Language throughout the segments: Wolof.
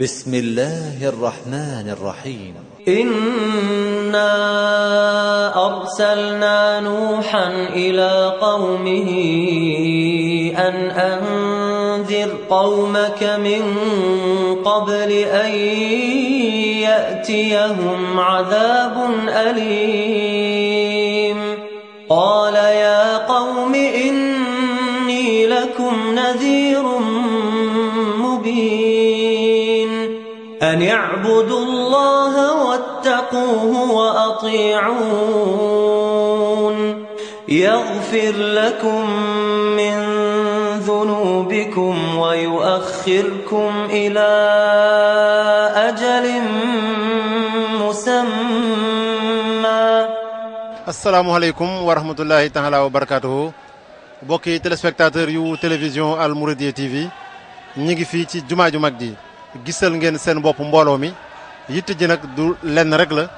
بسم الله الرحمن الرحيم إنا أرسلنا نوحا إلى قومه أن أنذر قومك من قبل أن يأتيهم عذاب أليم قال يا قوم إني لكم نذير فاعبدوا الله واتقوه وأطيعون يغفر لكم من ذنوبكم ويؤخركم إلى أجل مسمى السلام عليكم ورحمة الله تعالى وبركاته mbokki téléspectateur yu télévision Al Mouridiyyah TV ñi ngi fii ci jumaa ju mag ji gisal ngeen seen bopp mbooloo mi yitte ji nag du lenn rek la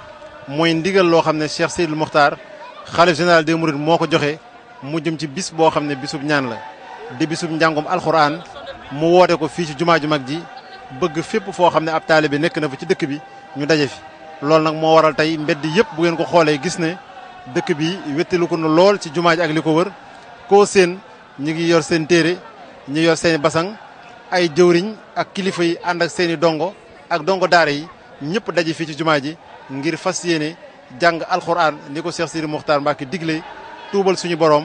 mooy ndigal loo xam ne Cheikh Seydil Mokhtar xalif général des mourides moo ko joxe mu jëm ci bis boo xam ne bisub ñaan la di bisub njàngum alxuraan mu woote ko fii ci jumaa ju mag ji bëgg fépp foo xam ne ab taalibe nekk na fa ci dëkk bi ñu daje fi. loolu nag moo waral tey mbedd yëpp bu ngeen ko xoolee gis ne dëkk bi wéttalu ko na lool ci jumaa ji ak li ko wër koo séen ñi ngi yor seen téere ñi yor seen basang ay jëwriñ ak kilifa yi ànd ak seeni dongo ak dongo daara yi ñëpp daje fii ci jumaa ji ngir fas yéene jàng alxuraan ni ko Cheikh Sidi Mokhtar Mbacke digle tuubal suñu boroom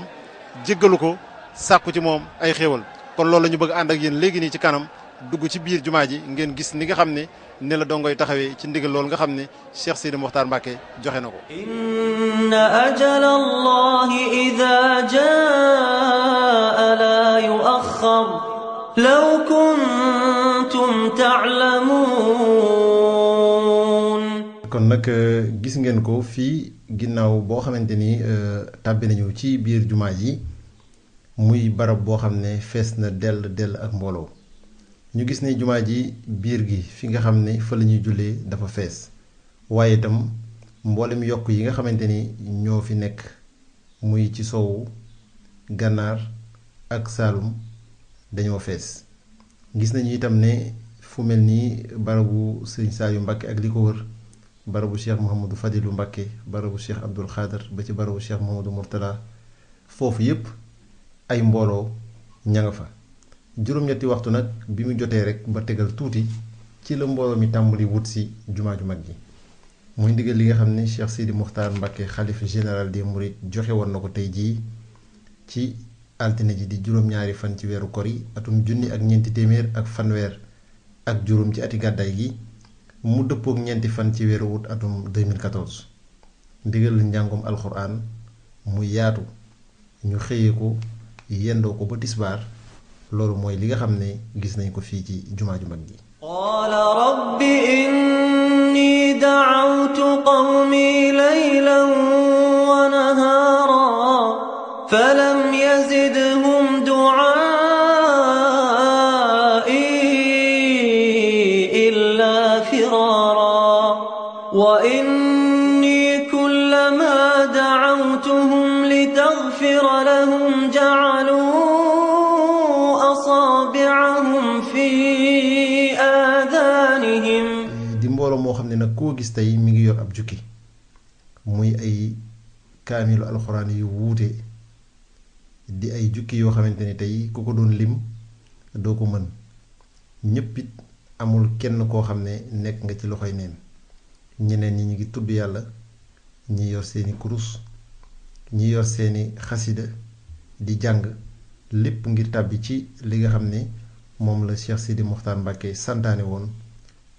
jéggalu ko sàkku ci moom ay xéewal kon loolu la ñu bëgg ànd ak yéen léegi nii ci kanam dugg ci biir jumaa ji ngeen gis ni nga xam ne ne la dongoy taxawee ci ndigal loolu nga xam ne Cheikh Sidi Mokhtar Mbacke joxe na ko. inna ajala allahi idha jaa la yuaxxar لو كنتم تعلمون kon nag euh, gis ngeen ko fii ginnaaw boo xamante ni euh, tàbbi nañu ci biir jumaa ji muy barab boo xam ne fees na dell dell ak mbooloo ñu gis ne jumaa ji biir gi fi nga xam ne fa la ñuy jullee dafa fees waaye itam mboolem yokk yi nga xamante ni ñoo fi nekk muy ci soowu gànnaar ak saalum dañoo fees gis nañu itam ne fu mel ni barabu saa yu Mbacké ak li ko wër barabu cheikh Mouhamadou Fadilou Mbacké barabu cheikh Abdoul Khader ba ci barabu cheikh Mouhamadou Mourtala foofu yépp ay mbooloo ña nga fa juróom-ñetti waxtu nag bi mu jotee rek ba tegal tuuti ci la mbooloo mi tàmbali wut si jumaa ju mag ji mooy ndigal li nga xam ne cheikh Sidi Moukhtar Mbacké xalif général des Mourides joxe woon na ko tey jii ci. altine ji di juróom-ñaari fan ci weeru kor atum junni ak ñeenti téeméer ak fanweer ak juróom ci ati gàddaay gi mu dëppook ñeenti fan ci weeru wut atum 2014 ndigal njàngum alxuraan mu yaatu ñu xëye ko yendoo ko ba tisbaar loolu mooy li nga xam ne gis nañ ko fii ci jumaa ju mag ji qaala rabbi inni da'awtu qawmi laylan wa nahaara na koo gis tey mi ngi yor ab jukki muy ay kaamilu alxuraan yu wuute di ay jukki yoo xamante ni tey ku ko doon lim doo ko mën ñëpp it amul kenn koo xam ne nekk nga ci loxoy neen ñeneen ñi ñu ngi tudd yàlla ñi yor seeni kurus ñi yor seeni xasida di jàng lépp ngir tàbbi ci li nga xam ne moom la Cheikh Sidi Mokhtar Mbacke santaane woon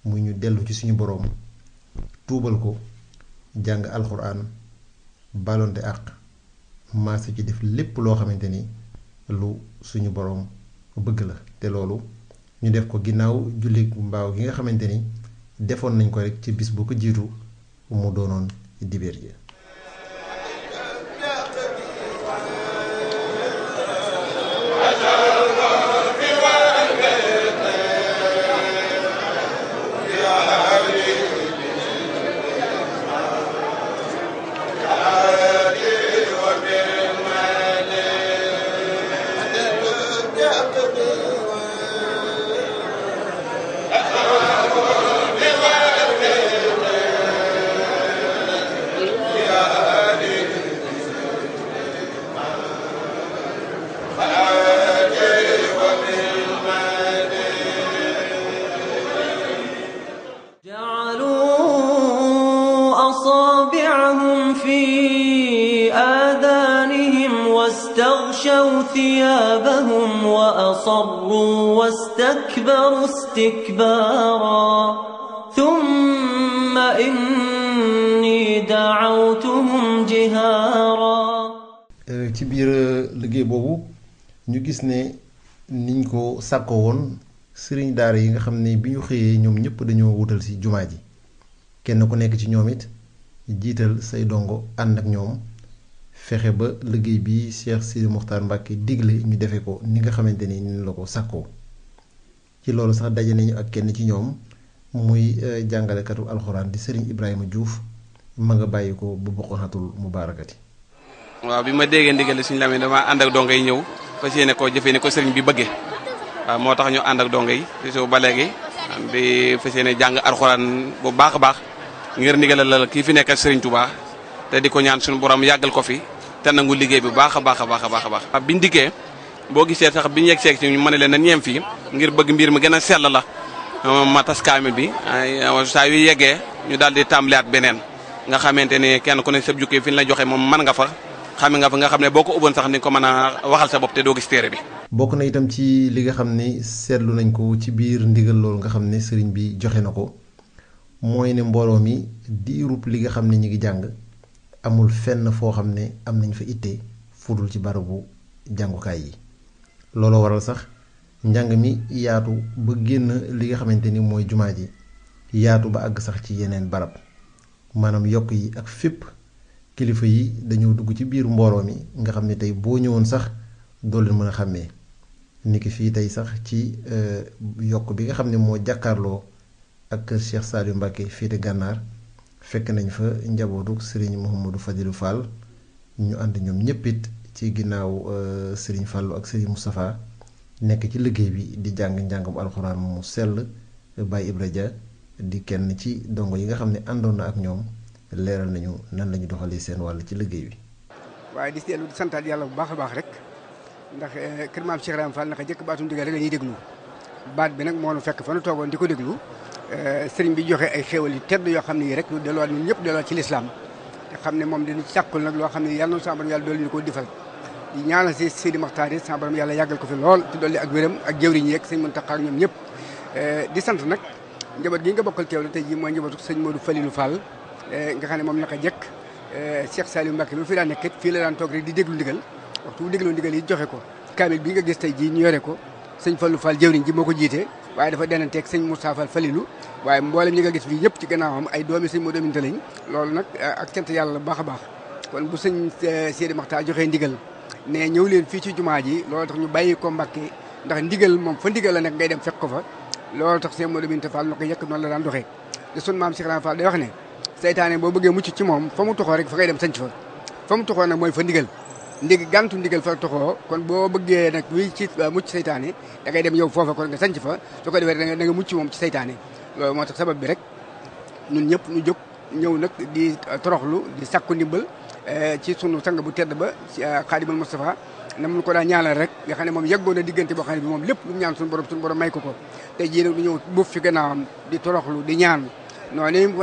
mu ñu dellu ci suñu boroom tuubal ko jàng alxuraan baalonte àq maase ci def lépp loo xamante ni lu suñu boroom bëgg la te loolu ñu def ko ginnaaw julli mbaaw gi nga xamante ni defoon nañ ko rek ci bis boo ko jiitu mu doonoon dibéer ji Euh, ci biir euh, liggéey boobu ñu gis ne niñ ko sàkkoo woon sëriñ daara yi nga xam ne bi ñu xëyee ñoom ñëpp dañoo wutal ci jumaa ji kenn ku nekk ci ñoom it jiital say dongo ànd ak ñoom fexe ba liggéey bi Cheikh Sidi Mokhtar Mbacke digle ñu defe ko ni nga xamante ni ñu la ko sàkkoo loolu sax daje nañu ak kenn ci ñoom muy eh, jàngalekatu alxuraan di sëriñ Ibrahima Diouf ma nga bàyyi ko bu boqoxatul mubaarakati waaw bi ma déggee ndigal suñu lamee dama ànd ak dongo yi ñëw fas yéene koo jëfee ne ko sëriñ bi bëggee waaw moo tax ñu ànd ak dongo yi su ba léegi di fas yéene jàng alxuraan bu baax a baax ngir ndigal la kii fi nekkal sëriñ Touba te di ko ñaan suñu borom yàggal ko fi te nangu liggéey bi baax a baax a baax a baax a baax. biñ dikkee boo gisee sax bi ñu yegg seeg si ñu mën leen na ñeem fii ngir bëgg mbir mi gën a sell la ma tas kaamil bi saa yu yeggee ñu daal di tàmbaliwaat beneen nga xamante ne kenn ku ne sa jukkee fi ñu la joxe moom man nga fa xame nga fa nga xam ne boo ko ubboon sax ni ko mën a waxal sa bopp te doo gis téere bi. bokk na itam ci li nga xam ne seetlu nañ ko ci biir ndigal loolu nga xam ne sëriñ bi joxe na ko mooy ne mbooloo mi diirub li nga xam ne ñu ngi jàng amul fenn foo xam ne am nañ fa itte fudul ci barabu jàngukaay yi. looloo waral sax njàng mi yaatu ba génn li nga xamante ni mooy jumaa ji yaatu ba àgg sax ci yeneen barab maanaam yokk yi ak fépp kilifa yi dañoo dugg ci biir mbooloo mi nga xam ni tey boo ñëwoon sax doo leen mën a xàmmee ni ki fii tey sax ci euh, yokk bi nga xam ne moo jàkkaarloo ak kër Cheikh Saliou Mbacke fii te gànnaar fekk nañ fa njabootu sëriñ Mouhamadou Fadilou Fall ñu ànd ñoom ñëpp ci ginnaaw euh, sëriñ Fallou ak Serigne Moustapha nekk ci liggéey bi di jàng mu alxuraan mu sell Baye Ibra ja di kenn ci dongo yi nga xam ne àndoon na ak ñoom leeral nañu nan la ñu doxalee seen wàll ci liggéey bi. waaye di dellu di santaat yàlla bu baax baax rek ndax euh, kër maam Cheikh Rahane Fall naka jëkk baatum ndigal rek la ñuy déglu baat bi nag moo nu fekk fa nu toogoon di ko déglu euh, sëriñ bi joxe ay xéewal yu tedd yoo xam ne yi rek ñu delluwaat ñun ñëpp delluwaat ci lislaam te ne moom dañu sàkkul nag loo xam ne yàlla na yàlla doolu ñu ko defal di ñaanal si Sidi Maxtaar yi sama borom yàlla yàggal ko fi lool ci dolli ak wéram ak jëwriñ yeeg sëñ Muntaxa ak ñoom ñëpp eh, di sant nag njaboot gi nga bokkal Kéwoulo tey jii mooy njabootu sëñ Modou Falilou Fall eh, nga xam ne moom naka jëkk eh, Cheikh Saliou Mbacke bi fi daan nekk fii la daan toog di déglu ndigal waxtu u déglu ndigal yi joxe ko kaamil bi nga gis tey jii ñu yore ko sëñ Fallou Fall jëwriñ ji moo ko jiite waaye dafa denanteeg sëñ Moussa Fall Falilou waaye mboolem ñi nga gis fii ñëpp ci gannaawam ay doomi sëñ Modou Aminta lañ loolu nag ak cant yàlla bu baax a baax kon bu sëñ Sidi Maxtaar joxee mais ñëw leen fii ci jumaa ji loolu tax ñu bàyyi ko Mbàkke ndax ndigal moom fa ndigal la ngay dem fekk ko fa loolu tax seen Modou Binta Fall na ko yëkk noonu la daan doxee te sun maam Cheikh Ibra Fall day wax ne seytaane boo bëggee ci moom fa mu toxoo rek fa ngay dem sanc fa fa mu toxoo nag mooy fa ndigal ndig gàntu ndigal fa toxoo kon boo bëggee nag wi ci uh, mucc seytaane da ngay dem yow foofa kon nga sanc fa su ko defee da nga mucc moom ci seytaane loolu moo tax sabab bi rek ñun ñëpp ñu jog ñëw nag di uh, toroxlu di sàkku ndimbal Eh, ci sunu sang bu tedd ba eh, xaadimul Moustapha na mun ko daa ñaanal rek nga xam ne moom yeggoon a diggante boo xam ne bi moom lépp ñaan suñu borom suñu borom may ko ko te jii du ñëw buuf fi di toroxlu di ñaan noonu ni mu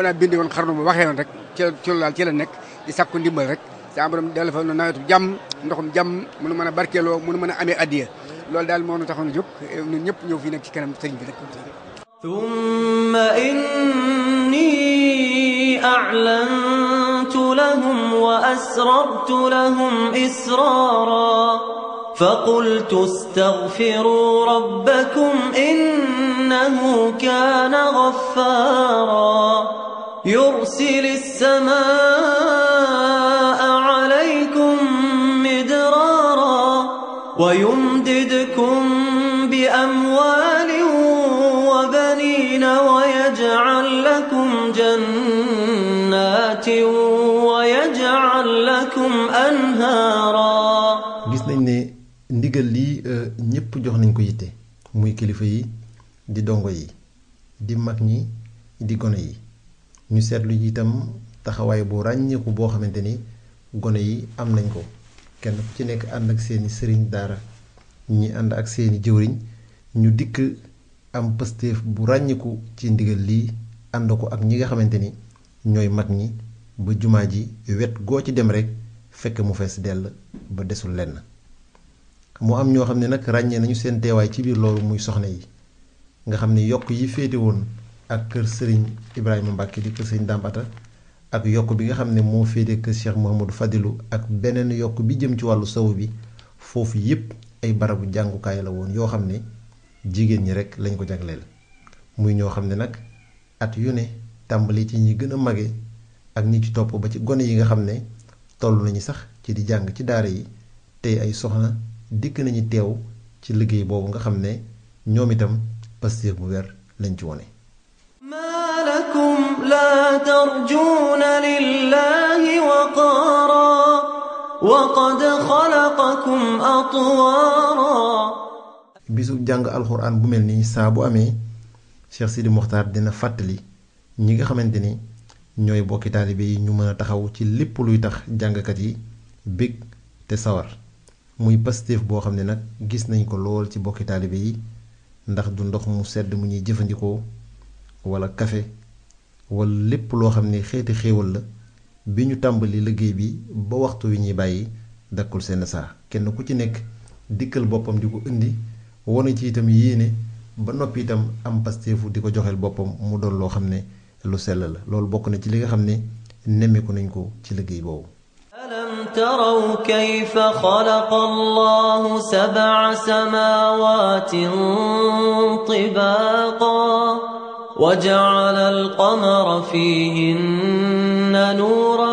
waxee woon rek ci la nekk di sakku ndimbal rek sa borom dala fa nawetu jàmm ndoxum jàmm munu mën a barkeeloo munu mën a amee addiya loolu daal moo nu taxoon jóg eh, ñun ñëpp ñëw fii nag ci kanam sëriñ bi rek thumma inni a'lan لهم وأسررت لهم إسرارا فقلت استغفروا ربكم إنه كان غفارا يرسل السماء عليكم مدرارا ويمددكم بأموال وبنين ويجعل لكم جنات ndigal lii euh, ñëpp jox nañ ko yitte muy kilifa yi di dongo yi di mag ñi di gone yi ñu seetlu itam taxawaay bu ràññeeku boo xamante ni gone yi am nañ ko kenn ku ci nekk ànd ak seeni sëriñ daara ñi ànd ak seeni jëwriñ ñu dikk am pësteef bu ràññeeku ci ndigal lii ànd ko ak ñi nga xamante ni ñooy mag ñi ba jumaa ji wet goo ci dem rekk fekk mu fees dell ba desul lenn mu am ñoo xam ne nag ràññee nañu seen teewaay ci biir loolu muy soxna yi nga xam ne yokk yi féete woon ak kër sëriñ Ibrahima Mbacke di kër sëriñ dàmbata ak yokk bi nga xam ne moo féete kër Cheikh Mouhamadou Fadilou ak beneen yokk bi jëm ci wàllu sow bi foofu yépp ay barabu jàngukaay la woon yoo xam ne jigéen ñi rek lañ ko jagleel muy ñoo xam ne nag at yu ne tàmbali ci ñi gën a mage ak ñi ci topp ba ci gone yi nga xam ne toll nañu sax ci di jàng ci daara yi tey ay soxna. dikk nañu teew ci liggéey boobu nga xam ne ñoom itam pastéef bu wér lañ ci wone maa lakum laa tarjuuna lillaahi waqaara wa qad xalaqakum atwaara bisu jàng alxuraan bu mel nii saa bu amee Cheikh Sidi Mokhtar dina fàttali ñi nga xamante ni ñooy bokki taalibe yi ñu mën a taxaw ci lépp luy tax jàngkat yi bég te sawar muy Pastef boo xam ne nag gis nañ ko lool ci bokki taalibe yi ndax du ndox mu sedd mu ñuy jëfandikoo wala kafe wala lépp loo xam ne xeeti xéewal la bi ñu tàmbali liggéey bi ba waxtu wi ñuy bàyyi dakkul seen saa kenn ku ci nekk dikkal boppam di ko indi wane ci itam yéene ba noppi itam am Pastefu di ko joxeel boppam mu doon loo xam ne lu sell la loolu bokk na ci li nga xam ne nemmeeku nañ ko ci liggéey boobu. تروا كيف خلق الله سبع سماوات طباقا وجعل القمر فيهن نورا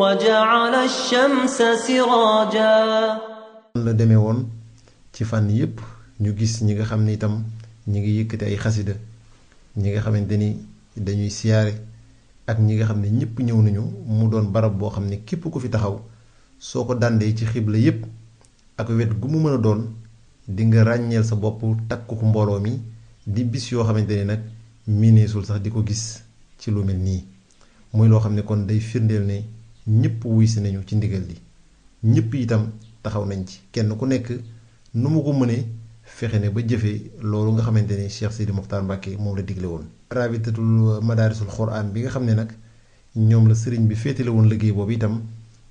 وجعل الشمس سراجا la demee woon ci fànn yépp ñu gis ñi nga xam ni itam ñi ngi yëkkati ay xasida ñi nga xamante ni dañuy siyaare ak ñi nga xam ne ñëpp ñëw nañu mu doon barab boo xam ne képp ku fi taxaw soo ko dàndee ci xibla yépp ak wet gu mu mën a doon di nga ràññeel sa bopp takku mbooloo mi di bis yoo xamante ne nag miineesul sax di ko gis ci lu mel nii mooy loo xam ne kon day firndeel ne ñëpp wuy si nañu ci ndigal li ñëpp itam taxaw nañ ci kenn ku nekk nu mu ko mënee fexe ne ba jëfee loolu nga xamante ni Cheikh Sidi Mokhtar Mbacke moom la digle woon. rabitatul madaarisul xuraan bi nga xam ne nag ñoom la sëriñ bi féetale woon liggéey boobu itam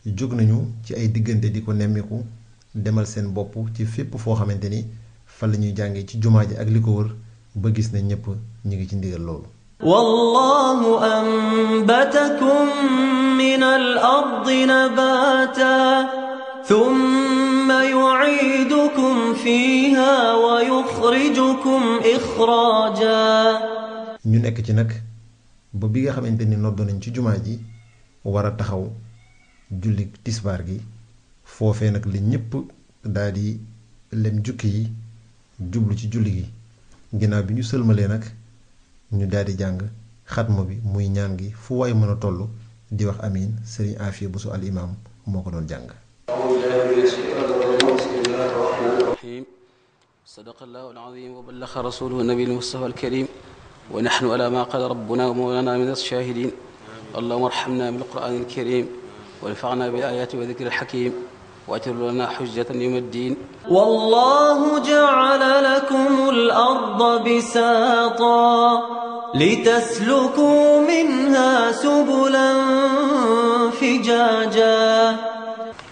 jóg nañu ci ay diggante di ko nemmiku demal seen bopp ci fépp foo xamante ni fan la ñuy jàngee ci jumaa ji ak li ko wër ba gis ne ñëpp ñu ngi ci ndigal loolu. wallaahu anbatakum min al ardi nabaata ثم يعيدكم فيها ويخرجكم إخراجا ñu nekk ci nag ba bi nga xamante ni nodd nañ ci jumaa ji war a taxaw julli tisbaar gi foofee nag li ñépp daal lem jukki yi jublu ci julli gi ginnaaw bi ñu sëlmalee nag ñu daal jàng xatma bi muy ñaan gi fu waay mën a toll di wax amiin sëriñ Afia Bousso al moo ko doon jàng صدق الله العظيم وبلغ رسوله النبي المصطفى الكريم ونحن على ما قال ربنا ومولانا من الشاهدين اللهم ارحمنا بالقرآن الكريم وانفعنا بالآيات وذكر الحكيم واجعل لنا حجة يوم الدين والله جعل لكم الأرض بساطا لتسلكوا منها سبلا فجاجا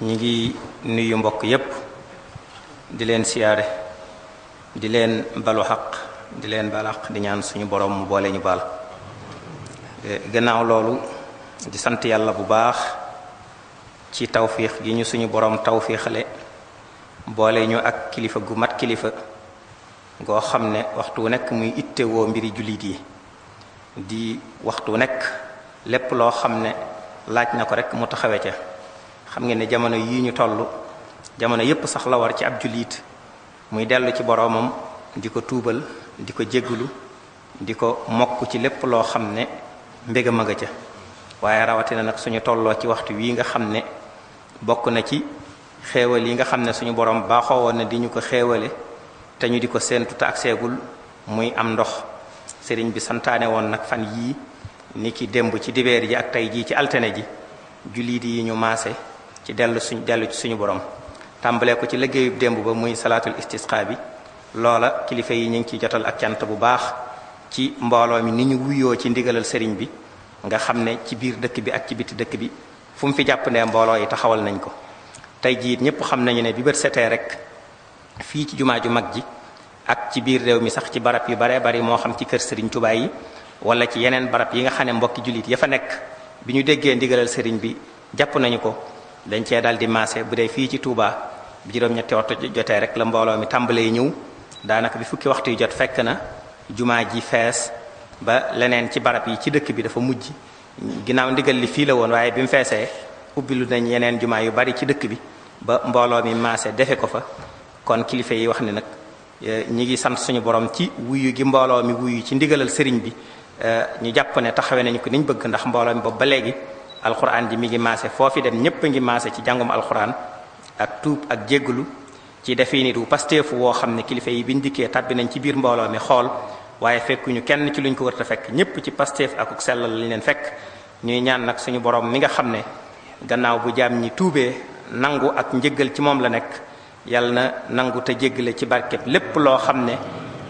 ñi ngi nuyu mbokk yépp di leen siyaare di leen balu xaq di leen balaq di ñaan suñu boroom mu boole ñu baal eh, gannaaw loolu di sant yàlla bu baax ci tawfiix gi ñu suñu boroom tawfiixale boole ñu ak kilifa gu mat kilifa goo xam ne waxtu wu nekk muy ittewoo mbiri jullit yi di waxtu nekk lépp loo xam ne laaj na ko rek mu taxawe ca xam ngeen ne jamono yii ñu toll jamono yépp sax la war ci ab jullit muy dellu ci boroomam di ko tuubal di ko jéggulu di ko mokk ci lépp loo xam ne mbéga a nga ca waaye rawatina nag suñu tolloo ci waxtu wii nga xam ne bokk na ci xéewal yi nga xam ne suñu borom baaxoo woon na di ñu ko xéewale te ñu di ko séentu te seegul muy am ndox sëriñ bi santaane woon nag fan yii ni ki démb ci dibeer ji ak tey jii ci altine ji jullit yi ñu maase ci dellu suñ dellu ci suñu borom tàmbalee ko ci liggéeyub démb ba muy salaatul istisqa bi loola kilifa yi ñu ngi ciy jotal ak cant bu baax ci mbooloo mi ni ñu wuyoo ci ndigalal sëriñ bi nga xam ne ci biir dëkk bi ak ci biti dëkk bi fu mu fi jàpp ne mbooloo yi taxawal nañ ko tey jiit ñëpp xam nañu ne bi bët setee rek fii ci jumaa ju mag ji ak ci biir réew mi sax ci barab yu baree bari moo xam ci kër sëriñ tubaay yi wala ci yeneen barab yi nga xam ne mbokki jullit ya fa nekk bi ñu déggee ndigalal sëriñ bi jàpp nañu ko dañ cee dal di maase bu dee fii ci Touba bi juróom-ñetti waxtu jotee rek la mbooloo mi tàmbalee ñëw daanaka bi fukki waxtu yi jot fekk na jumaa ji fees ba leneen ci barab yi ci dëkk bi dafa mujj ginnaaw ndigal li fii la woon waaye bi mu feesee ubbilu dañ yeneen jumaa yu bari ci dëkk bi ba mbooloo mi maase defe ko fa kon kilifa yi wax ne nag e, ñi ngi sant suñu borom ci wuyu gi mbooloo mi wuyu ci ndigalal sëriñ bi e, ñu jàpp ne taxawee nañu ko niñ bëgg ndax mbooloo boobu ba léegi alquran ji mi ngi maase foofi dem ñépp ngi maase ci jàngum alquran ak tuub ak jégglu ci defii nit wu pasteefu woo xam ne kilifa yi biñ dikkee tàbbi nañ ci biir mbooloo mi xool waaye fekkuñu kenn ci lu luñ ko war a fekk ñépp ci pasteef ak sellal lañ leen fekk ñuy ñaan nag suñu boroom mi nga xam ne gannaaw bu jaam ñi tuubee nangu ak njëgal ci moom la nekk yàlla na nangu te jéggale ci barkeb lépp loo xam ne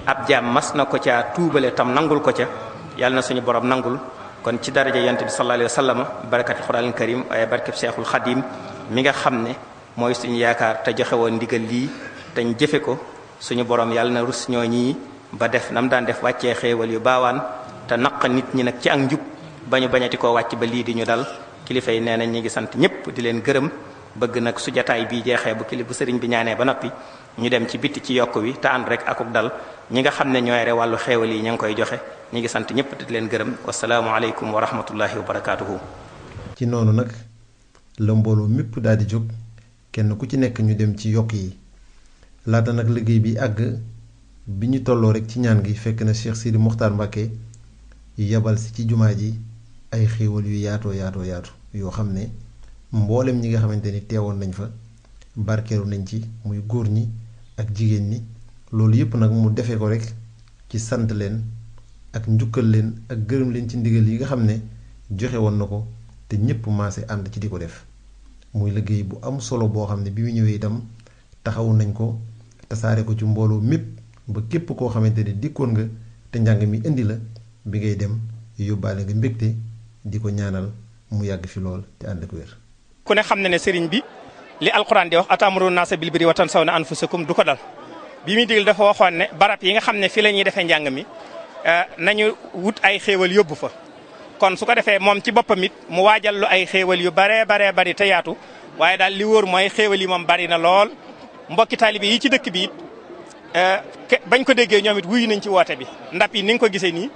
ab jaam mas na ko caa tuubale tam nangul ko ca yàlla na suñu borom nangul kon ci daraja yonent bi sallallahu alayhi wa sallam barakatul qur'anil karim waaye barkeb seexul xadim mi nga xam ne mooy suñu yaakaar te joxe woon ndigal lii te jëfe ko suñu borom yàlla na rus ñoo ñii ba def nam daan def wàccee xéewal yu baawaan te naq nit ñi nag ci ak njub ba ñu bañati koo wàcc ba lii di ñu dal kilifa yi nee nañ ñu ngi sant ñëpp di leen gërëm bëgg nag su jataay bii jeexee bu kili bu sëriñ bi ñaanee ba noppi ñu dem ci bitt ci yokk wi te ànd rek akuk dal ñi nga xam ne ñooy re wàllu xéewal yi ña ngi koy joxe ñu ngi sant ñëpp di leen gërëm wasalaamualeykum wa rahmatullahi wa barakaatuhu. ci noonu nag la mbooloo mépp daal di jóg kenn ku ci nekk ñu dem ci yokk yi laata nag liggéey bi àgg bi ñu tolloo rek ci ñaan gi fekk na Cheikh Sidi Mokhtar Mbacke yabal si ci jumaa ji ay xéewal yu yaatoo yaatoo yaatu yoo xam ne mboolem ñi nga xamante ni teewoon nañ fa barkeeru nañ ci muy góor ñi ak jigéen ñi loolu yëpp nag mu defee ko rek ci sant leen. ak njukkal leen ak gërëm leen ci ndigal yi nga xam ne joxe woon na ko te ñëpp maase ànd ci di ko def muy liggéey bu am solo boo xam ne bi mu ñëwee itam taxawu nañ ko tasaare ko ci mbooloo mépp ba képp koo xamante ne dikkoon nga te njàng mi indi la bi dem yóbbaale nga mbégte di ko ñaanal mu yàgg fi lool te ànd ak wér. ku ne xam na ne sëriñ bi li alxuraan di wax atamuru naasa bil birri wa tansawna anfusakum du ko dal bi muy digal dafa waxoon ne barab yi nga xam ne fii la ñuy defee njàng mi. Euh, nañu wut ay xéewal yóbbu fa kon su ko defee moom ci boppam it mu waajal lu ay xéewal yu baree baree bari te yaatu waaye daal li woor mooy xéewal yi moom bari na lool mbokki bi yi ci dëkk bi it euh, bañ ko déggee ñoom it wuyu nañ ci woote bi ndap yi ni nga ko gisee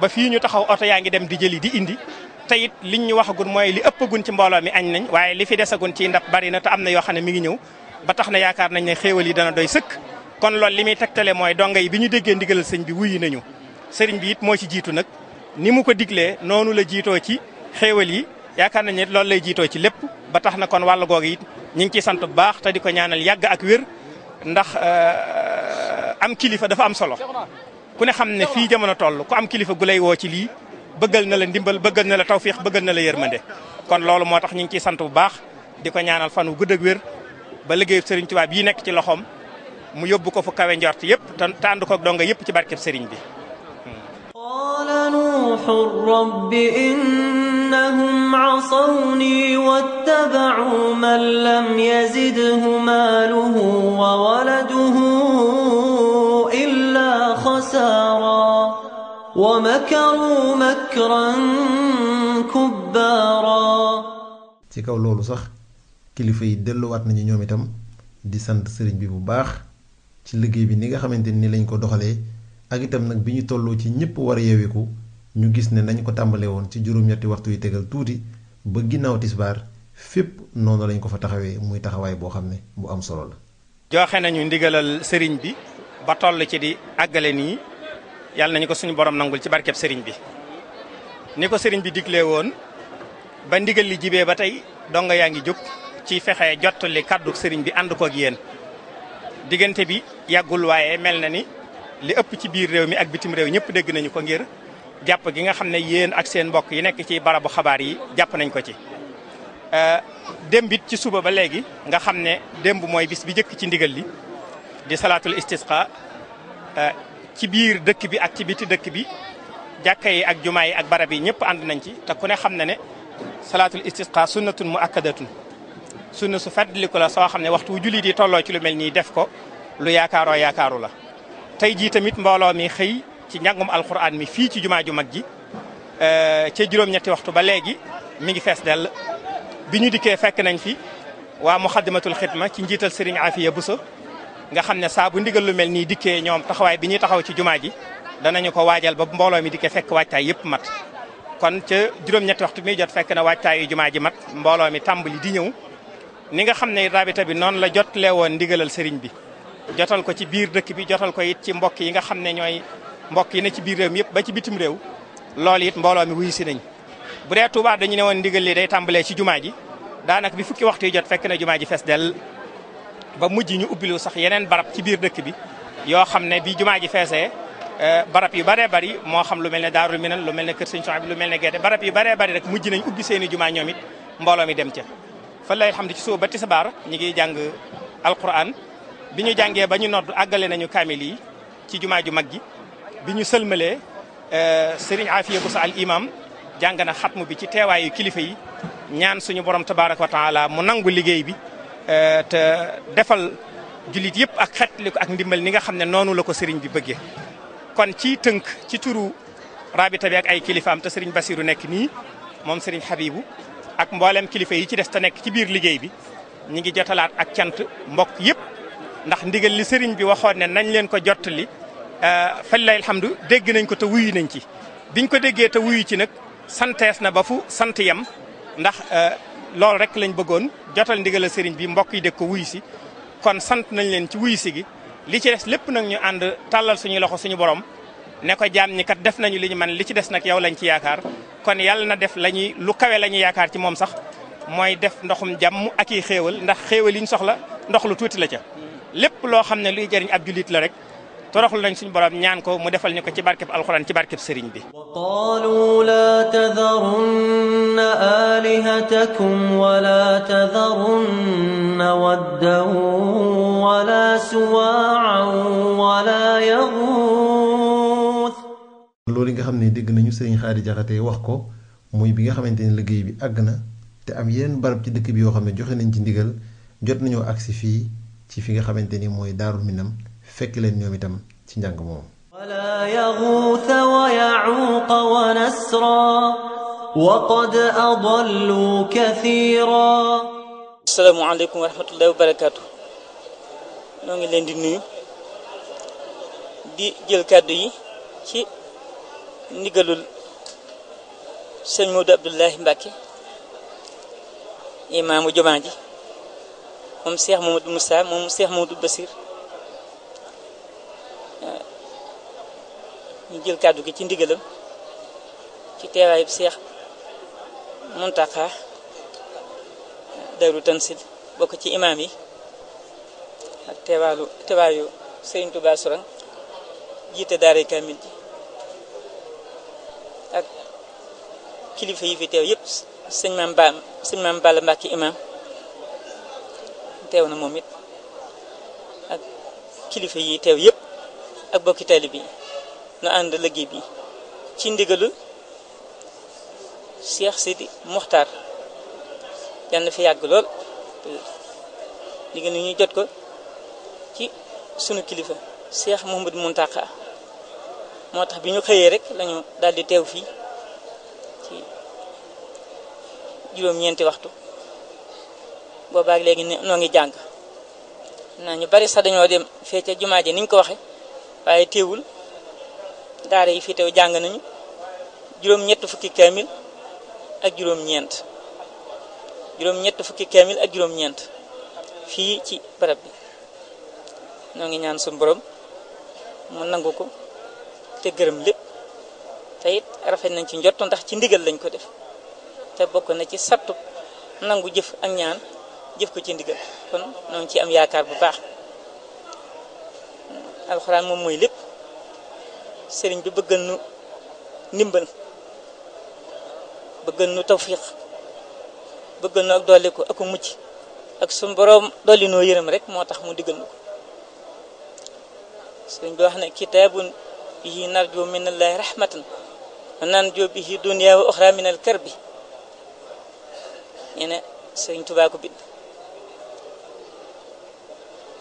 ba fii ñu taxaw oto yaa ngi dem di jëli di indi te it liñ ñu waxagun mooy li ëppagun ci mbooloo mi añ nañ waaye li fi desagun ci ndap bari na te am na yoo xam ne mi ngi ñëw ba tax na yaakaar nañ ne xéewal yi dana doy sëkk kon loolu li muy tegtale mooy donga yi bi ñu déggee ndigalal sëñ bi wuyu nañu sëriñ bi it moo ci jiitu nag ni mu ko diglee noonu la jiitoo ci xeewal yi yaakaar nañ ne loolu lay jiitoo ci lépp ba tax na kon wàll googu it ñu ngi ciy sant bu baax te di ko ñaanal yàgg ak wér ndax euh, am kilifa dafa am solo ku ne xam ne fii jamono toll ku am kilifa gu lay woo ci lii bëggal na la ndimbal bëggal na la tawféex bëggal na la yërmande kon loolu moo tax ñu ngi ciy sant bu baax di ko ñaanal fan wu gudd ak wér ba liggéeyu sëriñ Tuubaa bii nekk ci loxoom mu yóbbu ko fu kawe njort yëpp te ànd ko donga yëpp ci barkeb sëriñ bi قال نوح رب إنهم عصوني واتبعوا من لم يزده ماله وولده إلا خسارا ومكروا مكرا ci kaw loolu sax kilifa yi delluwaat nañu ñoom itam di sant sëriñ bi bu baax ci liggéey bi ni nga xamante ni lañ ko doxalee ak itam nag bi ñu tolloo ci ñëpp war a yeewiku ñu gis ne nañ ko tàmbalee woon ci juróom-ñetti waxtu yu tegal tuuti ba ginnaaw tisbaar fépp noonu lañ ko fa taxawee muy taxawaay boo xam ne bu am solo la. joxe nañu ndigalal sëriñ bi ba toll ci di àggale nii yàlla nañu ko suñu borom nangul ci barkeb sëriñ bi ni ko sëriñ bi diglee woon ba ndigal li jibee ba tey donga yaa ngi jóg ci fexe jottali kàddu sëriñ bi ànd ko ak yéen diggante bi yàggul waaye mel na ni. li ëpp ci biir réew mi ak bitim réew ñëpp dégg nañu ko ngir jàpp gi nga xam ne yéen ak seen mbokk yi nekk ci barabu xabaar yi jàpp nañ ko ci. Euh, démb ci suba ba léegi nga xam ne démb mooy bis bi njëkk ci ndigal li di salaatul istisqa euh, ci biir dëkk bi ak ci biti dëkk bi jàkka yi ak jumaa yi ak barab yi ñëpp ànd nañ ci te ku ne xam ne ne salaatul istisqa sunnatun mu akkadatun sunna su fàttaliku la soo xam ne waxtu wu jullit yi tolloo ci lu mel nii def ko lu yaakaaroo yaakaaru la. tey jii tamit mbooloo mi xëy ci njàngum alxuraan mi fii ci jumaa ju mag ji eh, ca juróom-ñetti waxtu ba leegi mi ngi fees dell bi ñu dikkee fekk nañ fi waa muxaddamatul xidma ci njiital Serigne Afia Bousso nga xam ne saabu bu ndigal lu mel nii dikkee ñoom taxawaay bi ñuy taxaw ci jumaa ji danañu ko waajal ba mbooloo mi dikkee fekk waajtaay yëpp mat kon ca juróom-ñetti waxtu mi jot fekk na waajtaayu jumaa ji mat mbooloo mi tàmbali di ñëw ni nga xam ne rabita bi noonu la jotlee woon ndigalal sëriñ bi jotal ko ci biir dëkk bi jotal ko it ci mbokk yi nga xam ne ñooy mbokk yi ne ci biir réew mi yëpp ba ci bitim réew loolu it mbooloo mi wuyu si nañ bu dee Touba dañu ne woon ndigal li day tàmbalee ci jumaa ji daanaka bi fukki waxtu yi jot fekk na jumaa ji fees del ba mujj ñu ubbilu sax yeneen barab ci biir dëkk bi yoo xam ne bi jumaa ji feesee eh, barab yu baree bari moo xam lu mel ne Daarul Minan lu mel ne Kër Sëñ Sohaybu lu mel ne Gerte barab yu baree bari rek mujj nañ ubbi seeni jumaa ñoom mbooloo mi dem ca fa lay xam ci suba ba tisbaar ñi ngi jàng alquran bi ñu jàngee ba ñu nodd àggale nañu kaamil yi ci jumaa ju mag ji bi ñu sëlmalee euh, sëriñ Afiya bu sa al imam jàng na xatmu bi ci teewaayu kilifa yi ñaan suñu borom tabaaraka wa taala mu nangu liggéey bi euh, te defal jullit yëpp ak xetli ko ak ndimbal ni nga xam ne noonu la ko sëriñ bi bëggee. kon ci tënk ci turu rabita bi ak ay kilifaam te sëriñ Basiru nekk nii moom sëriñ Habibu ak mboolem kilifa yi ci des te nekk ci biir liggéey bi ñu ngi jotalaat ak cant mbokk yëpp. ndax ndigal li sëriñ bi waxoon ne nañ leen ko jottali euh, falilaahi alhamdu dégg nañ ko te wuyu nañ ci biñ ko déggee te wuyu ci nag santees na ba fu sant yem ndax euh, loolu rek lañ bëggoon jotal ndigal la sëriñ bi mbokk yi dégg ko wuyu si kon sant nañ leen ci wuyu si gi li ci des lépp nag ñu ànd tàllal suñu loxo suñu borom ne ko jaam ñi kat def nañu li ñu man li ci des nag yow lañ ci yaakaar kon yàlla na def la ñuy lu kawe la ñuy yaakaar ci moom sax mooy def ndoxum jàmm ak i xéewal ndax xéewal yi soxla ndox lu tuuti la ca lépp loo xam ne luy jëriñ ab jullit la rek toroxlu nañ suñu borom ñaan ko mu defal ñu ko ci barkeb alxuraan ci barkeb sëriñ bi wa qaalu laa tadarunna alihatakum wala tadarunna waddan wala suwaacan wala yaguuth loolu nga xam ne dégg nañu sëriñ Xaari Jaxate wax ko muy bi nga xamante ne liggéey bi àgg na te am yeneen barab ci dëkk bi yoo xam ne joxe nañ ci ndigal jot nañoo agsi fii ci fi nga xamante ni mooy daarul minam fekk leen ñoom itam ci njàng moomu wala yaxuuta wa yaxuuqa wa nasra wa qad adallu kathiira asalaamu aleykum wa rahmatullahi wa barakaatu leen di nuyu di jël kàddu yi ci ndigalul sëñ Modou Abdoulaye imaamu jumaa ji moom Cheikh Mamadou Moussa moom Cheikh Mamadou Bassir ñu jël kàddu gi ci ndigalam ci teewaayub Cheikh Mountakha Darou Tansil bokk ci imaam yi ak teewaalu teewaayu Serigne Touba Sourang jiite daara ji ak kilifa yi fi teew yëpp sëñ maam Ba sëñ maam Balla Mbacke imaam. teew na moom it ak kilifa yi teew yëpp ak bokki taalibe bi nu ànd liggéey bi ci ndigalu Cheikh Sidi Mokhtar yal na fi yàgg lool ndigal ni ñuy jot ko ci sunu kilifa Cheikh Mouhamadou Mountakha moo tax bi ñu xëyee rek lañu daldi teew fii ci juróom-ñeenti waxtu boobaak léegi noo ngi jàng naa ñu bari sa dañoo dem fee ca jumaa ji niñ ko waxe waaye teewul daara yi fii teew jàng nañu juróom-ñett fukki kaamil ak juróom-ñeent fukki kaamil ak juróom fii ci barab bi noo ngi ñaan suñu borom mu nangu ko te gërëm lépp te it rafet nañ ci njott ndax ci ndigal lañ ko def te bokk na ci sattu nangu jëf ak ñaan jëf ko ci ndigal kon noo ngi ciy am yaakaar bu baax alxuraan moom mooy lépp sëriñ bi bëggal nu ndimbal bëggal nu tawfiq bëggal nu ak dolli ko ak mucc ak suñ boroom dolli noo yërëm rek moo tax mu diggal nu ko sëriñ bi wax ne kitaabun bihi narju minallahi rahmatan wa naan bihi dunya wa uxra min al karbi ñu ne sëriñ Tuubaa ko bind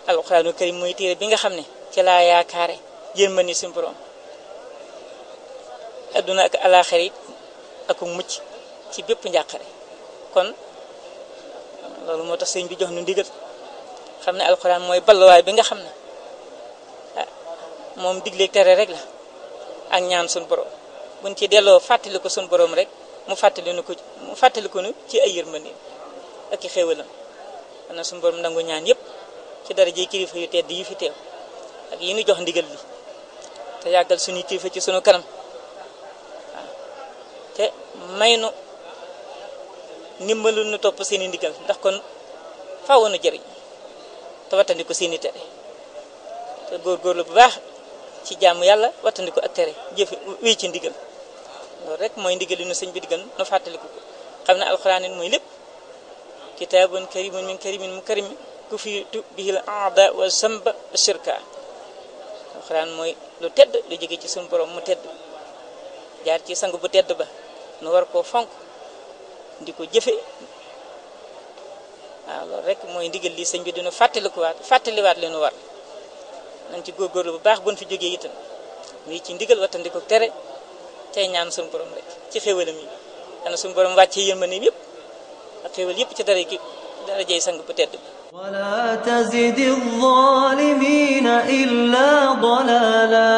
alxuraanu karim mooy téere bi nga xam ne ci laa yaakaare jërma ni suñu borom adduna ak alaaxira mucc ci bépp njàqare kon loolu moo tax sëñ bi jox nu ndigal xam ne alxuraan mooy balluwaay bi nga xam ne ah, moom digle tere rek la ak ñaan suñu borom buñ ci delloo fàttali ko suñu borom rek mu fàttali nu ko mu fàttali ko nu ci ay yërmandeem ak i xéewalam ana suñu borom nangu ñaan yëpp. ci daraje kilifa yu tedd yu fi teew ak yi ñu jox ndigal li te yàggal suñuy kilifa ci sunu kanam waaw te may nu ndimbalu nu topp seen i ndigal ndax kon faaw nu jëriñ te wattandiku seen i tere te góorgóorlu bu baax ci jàmm yàlla wattandiku ak tere jëf wéy ci ndigal loolu rek mooy ndigal yi nu sëñ bi digal nu fàttaliku ko xam ne alxuraan mooy lépp kitaabun karimun min karimin mu karimin ku fi bihil aada wa samba shirka alxuraan mooy lu tedd lu jóge ci suñu borom mu tedd jaar ci sang bu tedd ba nu war koo fonk di ko jëfe waaw loolu rek mooy ndigal li sëñ bi dina fàttalikuwaat fàttaliwaat li nu war nañ ci góorgóorlu bu baax buñ fi jógee itam muy ci ndigal wattandiku tere te ñaan suñu borom rek ci xéwalam yi dana suñu borom wàcce yërmande yëpp ak xéwal yëpp ci dara ki dara jëy sang bu tedd bi ولا تزد الظالمين إلا ضلالا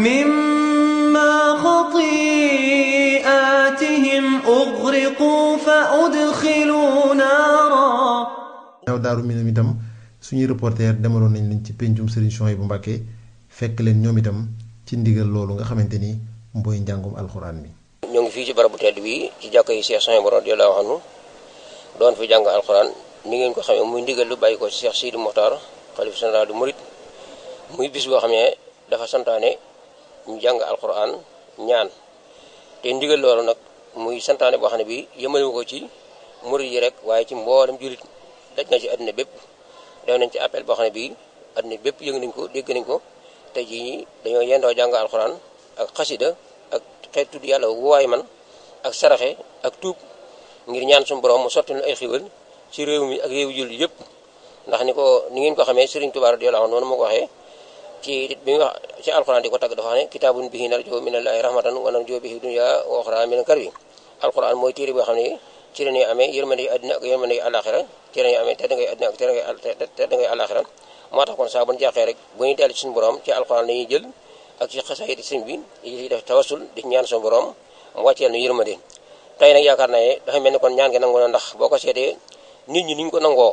مما خطيئاتهم أغرقوا فأدخلوا نارا daaw daaru minam itam suñuy reporter demaloon nañ leen ci péncum Serigne bu Mbacké fekk leen ñoom itam ci ndigal loolu nga xamante ni mbooy njàngum alxuraan mi ñoo ngi fii ci barabu tedd bi ci jàkka yi Cheikh Souhaïbou radiyallahu anhu doon fi jàng alxuraan ni ngeen ko xamee muy ndigal lu bàyyi ko ci Cheikh Sidi Mokhtar xalif général du Mouride muy bis boo xam ne dafa santaane ñu jàng alquran ñaan te ndigal loolu nag muy santaane boo xam ne bi yëmale ko ci murid yi rek waaye ci mboolem jullit daj na ci àddina bépp def nañ ci appel boo xam ne bi àddina bépp yëng nañ ko dégg nañ ko te ji dañoo yendoo jàng alquran ak xasida ak xeet tudd yàlla waay man ak saraxe ak tuub ngir ñaan suñu borom mu sotti lu ay xiwal ci réew mi ak réewu jullit yëpp ndax ni ko ni ngeen ko xamee Serigne Touba radiyallahu anhu noonu moo ko waxee ci alxuraan di ko tagg dafa xam ne kitaabun bihi narjoo minallaahi rahmatan wa alxuraan mooy téere boo xam ne ci la ñuy amee yërmande àddina ak yërmande àllaaxira ci la ñuy amee te dangay àddina ak te dangay àllaaxira moo tax kon saa bu ñu jaaxee rek bu ñuy dellu ci suñu borom ci alxuraan la ñuy jël ak ci xasaayid sëñ bi tawasul di ñaan suñu borom mu wàcceel nu yërmande tey nag yaakaar naa ne dafa mel ni kon ñaan gi nangu na ndax boo ko seetee nit ñi ni ñu ko nangoo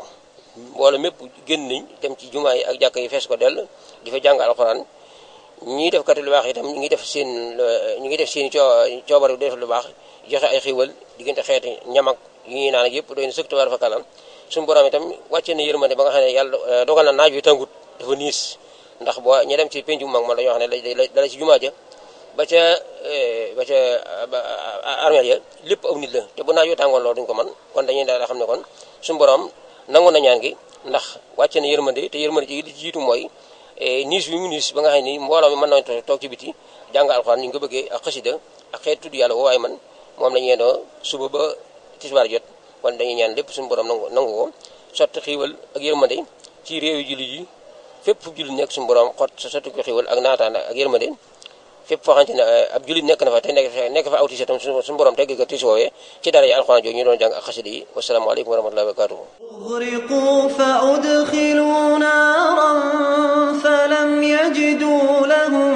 wala mépp génn nañ dem ci jumaa yi ak jàkka yi fees ko dell di fa jàng alxuraan ñii def kati lu baax itam ñu ngi def seen ñu def seen i coobare def lu baax joxe ay xiwal diggante xeeti ñam ak yu ñuy naan ak yëpp doy na sëkk fa kalan suñu borom itam wàcce na yërmande ba nga xam ne yàlla eh, dogal na naaj wi tàngut dafa niis ndax boo ña dem ci pencu mag ma la ñoo xam ne dala ci jumaa ja ba ca eh, ba ca armeel ya lépp aw nit la te bu naaj wi tàngoon loolu duñ ko man kon dañuy daal xam ne kon suñu borom nangu na ñaan gi ndax wàcce na yërmande te yërmande ji li jiitu mooy e, niis wi mu niis ba nga xam ni mbooloom mi mën nañ toog ci biti jàng alxuraan ni ñu ko bëggee ak xasida ak xeet tudd yàlla waaye man moom la ñu yendoo suba ba tisbaar jot wala dañuy ñaan lépp suñu borom nangu nangu ko sotti xiiwal ak yërmande ci réew yi jullit yi fépp fu jullit nekk suñu borom xot sa sotti ko xiiwal ak naataan ak yërmande fépp foo xamante ne euh, ab julit nekk na fa te nekk fa awtiise tam suñu borom tegg ka tiis woowee ci dara yi alxuraan jooju ñu doon jàng ak xasida yi wasalaamaaleykum wa rahmatullahi wa barakatuhu uxriqu fa udxilu naaran falam yajidu lahum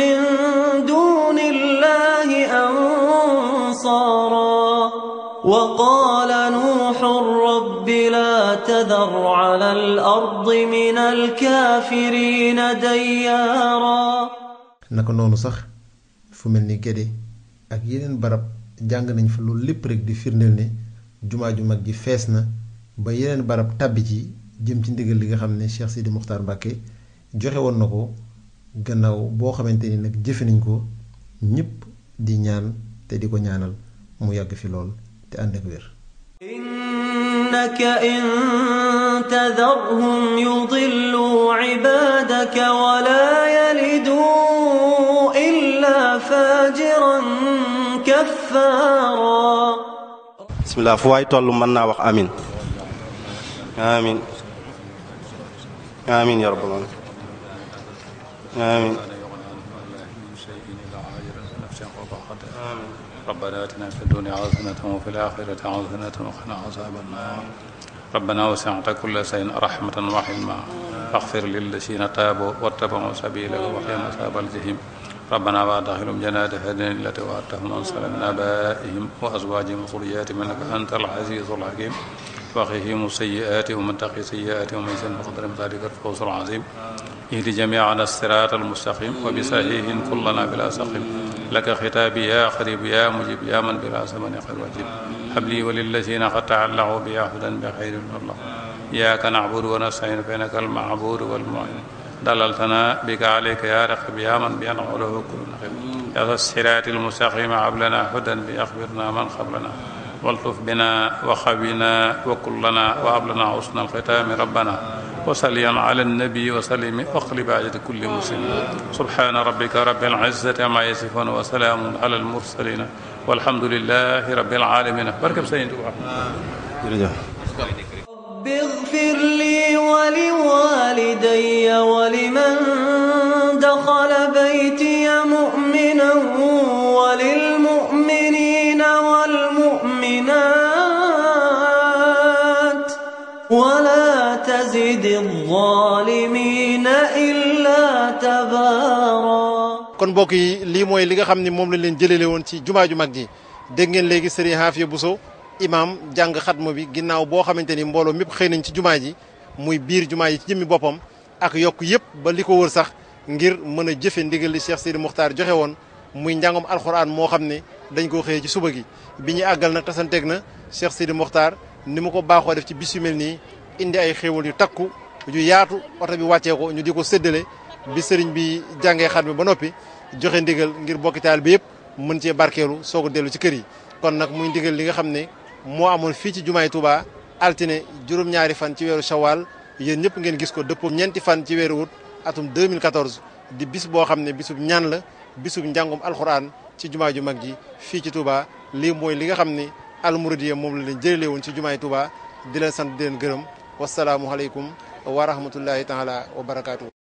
min duni llahi ansaara وقال نوح رب لا تذر على الأرض من الكافرين ديارا naka noonu sax fu mel ni Guédé ak yeneen barab jàng nañ fa loolu lépp rek di firndeel ne jumaa ju mag ji fees na ba yeneen barab tàbbi ci jëm ci ndigal li nga xam ne Cheikh Sidi Muxtaar Mbàkke joxe woon na ko gannaaw boo xamante ni nag jëfe nañ ko ñépp di ñaan te di ko ñaanal mu yàgg fi lool te ànd ak wér تذرهم يضلوا عبادك ولا يلدوا إلا فاجرا كفارا بسم الله فواي تولو منا وخ آمين آمين آمين يا رب العالمين آمين ربنا اتنا في الدنيا حسنه وفي الاخره حسنه وقنا عذاب النار rabbana wasi'ta kulla shay'in rahmatan wa hilma faghfir lillazina taabu wattaba'u sabilaka waqihim azaabal jahim rabbana wa adkhilhum jannata adnin allati wa'adtahum man salaha min abaa'ihim wa azwaajihim wa dhurriyyaatihim innaka antal aziizul hakiim وقهم السيئات ومن تق سيئات ومن يسن فقدر ذلك الفوز العظيم اهد جميعنا الصراط المستقيم وبصحيح كلنا بلا سقيم لك خطاب يا قريب يا مجيب يا من بلا سمن خير وجيب habli wa lillazina qad ta'allahu bi hudan bi khayrin min Allah iyyaka na'budu wa nasta'inu fa innaka al-ma'budu wal-mu'in dalaltana bika alayka ya raqib ya man bi an'amta alayhi wa kullana khayr ya dhas siratil mustaqim hablana hudan bi akhbirna man qablana waltuf bina wa khawina wa kullana wa hablana husnal khitami rabbana وصلي على النبي وسلم واقلب عجل كل مسلم سبحان ربك رب العزة عما يصفون وسلام على المرسلين walhamdulillahi rabbil aalamiin barkab Sëriñ Tuubaa jërëjëf اغفر لي ولوالدي ولمن دخل بيتي مؤمنا وللمؤمنين والمؤمنات ولا تزد الظالمين إلا تباراً kon mbokk yi lii mooy li nga xam ne moom la leen jëlale woon ci jumaa ju mag ji dégg ngeen léegi sëriñ Haafiya Buso imaam jàng xatma bi ginnaaw boo xamante ni mbooloo mépp xëy nañ ci jumaa ji muy biir jumaa yi ci jëmmi boppam ak yokk yëpp ba li ko wër sax ngir mën a jëfe ndigal li Cheikh side Muxtaar joxe woon muy njàngom alxuraan moo xam ne dañ ko xëyee ci suba gi bi ñuy àggal na tasanteeg na Cheikh side Muxtaar ni mu ko baaxoo def ci bis yu nii indi ay xéewal yu takku yu yaatu oto bi wàccee ko ñu di ko séddale bi sëriñ bi jàngee xat mi ba noppi joxe ndigal ngir bokki taal bi yëpp mën cee barkeelu soog a dellu ci kër yi kon nag muy ndigal li nga xam ne moo amoon fii ci jumaay Touba altine juróom-ñaari fan ci weeru Shawal yéen ñëpp ngeen gis ko dëppoo ñeenti fan ci weeru wut atum 2014 di bis boo xam ne bisub ñaan la bisub njàngum alxuraan ci jumaa ju mag ji fii ci Touba lii mooy li nga xam ne almouridiya moom la leen jëlee woon ci jumaay Touba di leen sant di leen gërëm wasalaamualeykum wa rahmatullahi taala wa barakaatu.